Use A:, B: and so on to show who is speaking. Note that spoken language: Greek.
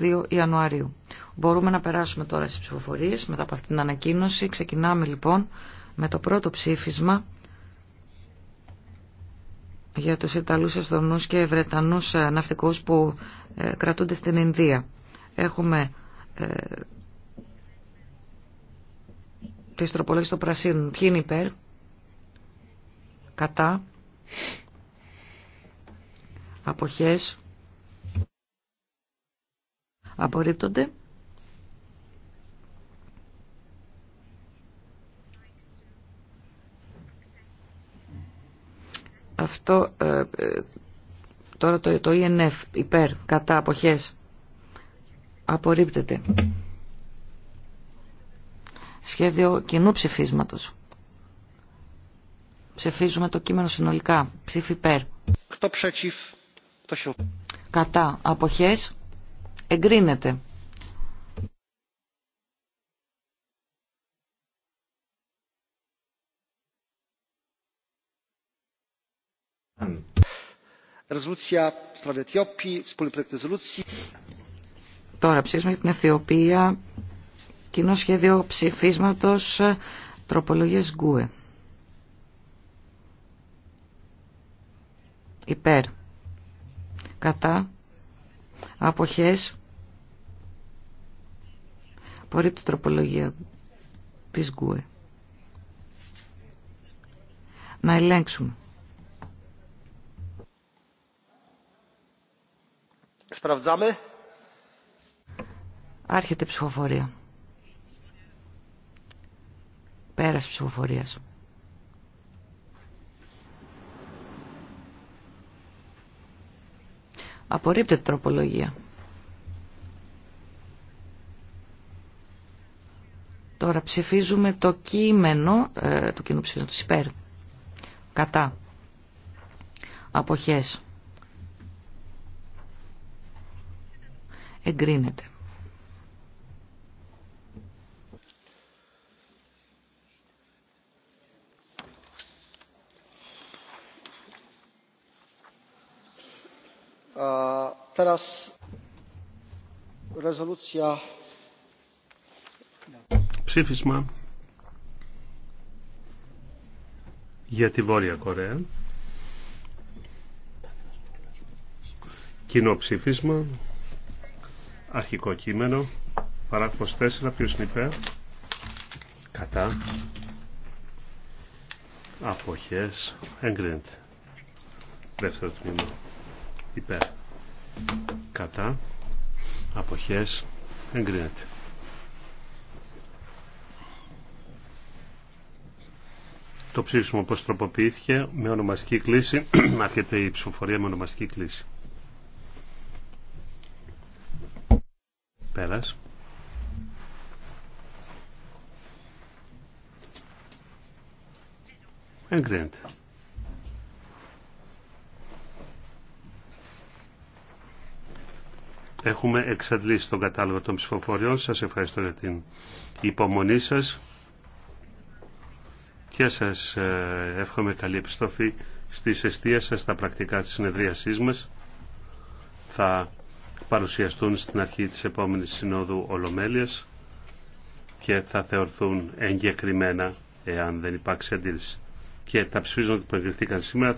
A: 2 Ιανουαρίου. Μπορούμε να περάσουμε τώρα στις ψηφοφορίες μετά από αυτήν την ανακοίνωση. Ξεκινάμε λοιπόν με το πρώτο ψήφισμα για τους Ιταλούς, Εσθονούς και Βρετανούς ε, ναυτικούς που ε, κρατούνται στην Ινδία. Έχουμε ε, τις στροπολέξη των πρασίνων. Ποιοι είναι υπέρ, κατά, αποχές, απορρίπτονται. Αυτό ε, ε, τώρα το, το ENF υπέρ κατά αποχές απορρίπτεται. Σχέδιο κοινού ψηφίσματος. Ψηφίζουμε το κείμενο συνολικά. Ψήφι υπέρ. Κατά αποχές εγκρίνεται. Τώρα ψήσουμε για την Αιθιοπία. Κοινό σχέδιο ψηφίσματος τροπολογίας Γκουε. Υπέρ. Κατά. Αποχές. απορρίπτω τροπολογία της ΓΚΟΕ. Να ελέγξουμε.
B: Σπραβδάμε.
A: Άρχεται ψηφοφορία. Πέρας ψηφοφορίας. Απορρίπτεται τροπολογία. Τώρα ψηφίζουμε το κείμενο ε, του κοινού το υπέρ. Κατά. Αποχές. Εγκρίνεται.
B: Ε, teraz ψήφισμα για τη Βόρεια Κορέα κοινό ψήφισμα αρχικό κείμενο παράγραφος 4 ποιος είναι υπέρ κατά αποχές εγκρίνεται δεύτερο τμήμα υπέρ κατά αποχές εγκρίνεται. Το ψήφισμα όπως τροποποιήθηκε με ονομαστική κλίση, άρχεται η ψηφοφορία με ονομαστική κλίση. Πέρας. Εγκρίνεται. Έχουμε εξαντλήσει τον κατάλογο των ψηφοφοριών. Σας ευχαριστώ για την υπομονή σας και σας ε, εύχομαι καλή επιστροφή στις αιστείες σας στα πρακτικά της συνεδρίασής μας. Θα παρουσιαστούν στην αρχή της επόμενης Συνόδου Ολομέλειας και θα θεωρθούν εγκεκριμένα εάν δεν υπάρξει αντίληση. Και τα ψηφίσματα που εγκριθήκαν σήμερα